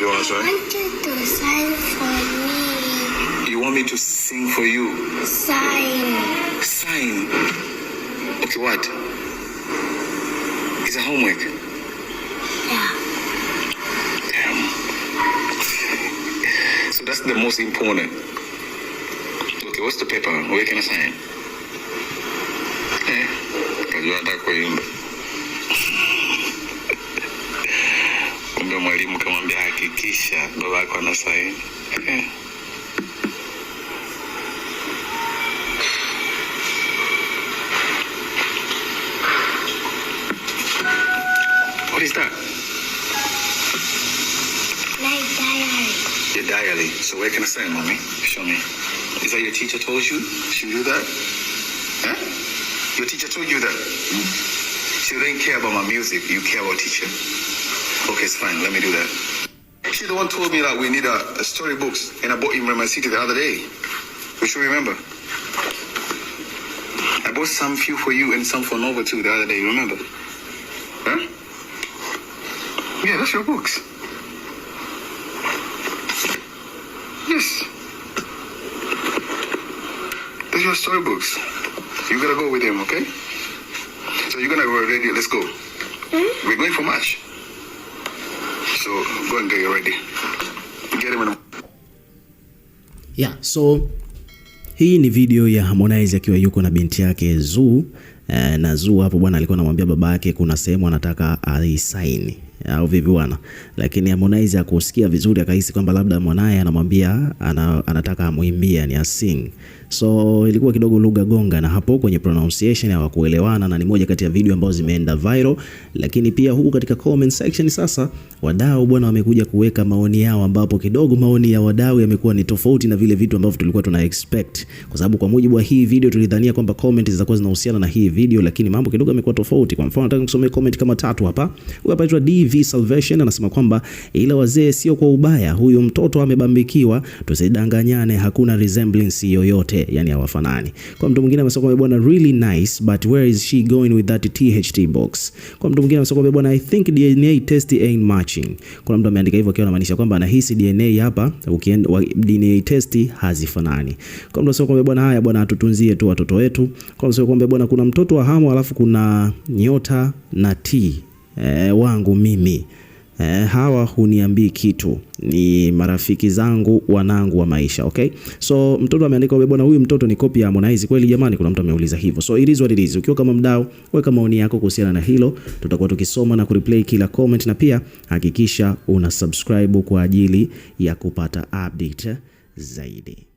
you want to try? I wanted to sign for me. You want me to sing for you? Sign. Sign. Okay, what? Is a homework? Yeah. Damn. so that's the most important. Okay, what's the paper? Where can I sign? Eh, okay. mwalimu kamwambia, hakikisha baba yako ana saini What is that? diary. Your diary. So where can I sign, mommy? Show me. Is that your teacher told you? She do that? Huh? Your teacher told you that? Mm. She didn't care about my music. You care about teaching. Okay, it's fine. Let me do that. She the one told me that we need a, a storybooks, and I bought him in my city the other day. We should remember. I bought some few for you and some for Nova too the other day. Remember? Huh? Yeah, that's your books. Yes. Those are your storybooks. You gotta go with them, okay? you're gonna go ready. Let's go. Hmm? We're going for match. So go and get ready. Get him in. Yeah, so hii ni video ya Harmonize akiwa yuko na binti yake Zuu eh, na Zuu hapo bwana alikuwa anamwambia baba yake kuna sehemu anataka aisaini au vipi bwana, lakini Harmonize akusikia vizuri, akahisi kwamba labda mwanaye anamwambia anataka amuimbie, yani asing So ilikuwa kidogo lugha gonga, na hapo kwenye pronunciation hawakuelewana, na ni moja kati ya video ambazo zimeenda viral. Lakini pia huku katika comment section sasa, wadau bwana, wamekuja kuweka maoni yao, ambapo kidogo maoni ya wadau yamekuwa ni tofauti na vile vitu ambavyo tulikuwa tuna expect, kwa sababu kwa mujibu wa hii video tulidhania kwamba comment zitakuwa zinahusiana na hii video, lakini mambo kidogo yamekuwa tofauti. Kwa mfano, nataka nikusomee comment kama tatu hapa. Huyu hapa anaitwa DV Salvation anasema kwamba ila wazee, sio kwa ubaya, huyu mtoto amebambikiwa, tusidanganyane, hakuna resemblance yoyote wote yani hawafanani. Kwa mtu mwingine amesema kwamba bwana really nice but where is she going with that THT box? Kwa mtu mwingine amesema kwamba bwana I think DNA test ain't matching. Kuna mtu ameandika hivyo akiwa anamaanisha kwamba anahisi DNA hapa ukienda DNA test hazifanani. Kwa mtu amesema kwamba bwana haya bwana atutunzie tu watoto wetu. Kwa mtu kwamba bwana kuna mtoto wa hamu alafu kuna nyota na T eh, wangu mimi eh, hawa huniambii kitu, ni marafiki zangu wanangu wa maisha okay. So mtoto ameandika bwana, huyu mtoto ni kopi ya Harmonize kweli jamani? Kuna mtu ameuliza hivyo, so it is what it is. Ukiwa kama mdau, weka maoni yako kuhusiana na hilo, tutakuwa tukisoma na kureplay kila comment, na pia hakikisha una subscribe kwa ajili ya kupata update zaidi.